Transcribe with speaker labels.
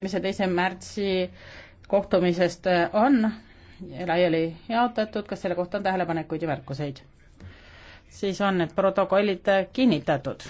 Speaker 1: esimese, teise märtsi kohtumisest äh, on ja laiali jaotatud, kas selle kohta on tähelepanekuid ja märkuseid? siis on need protokollid äh, kinnitatud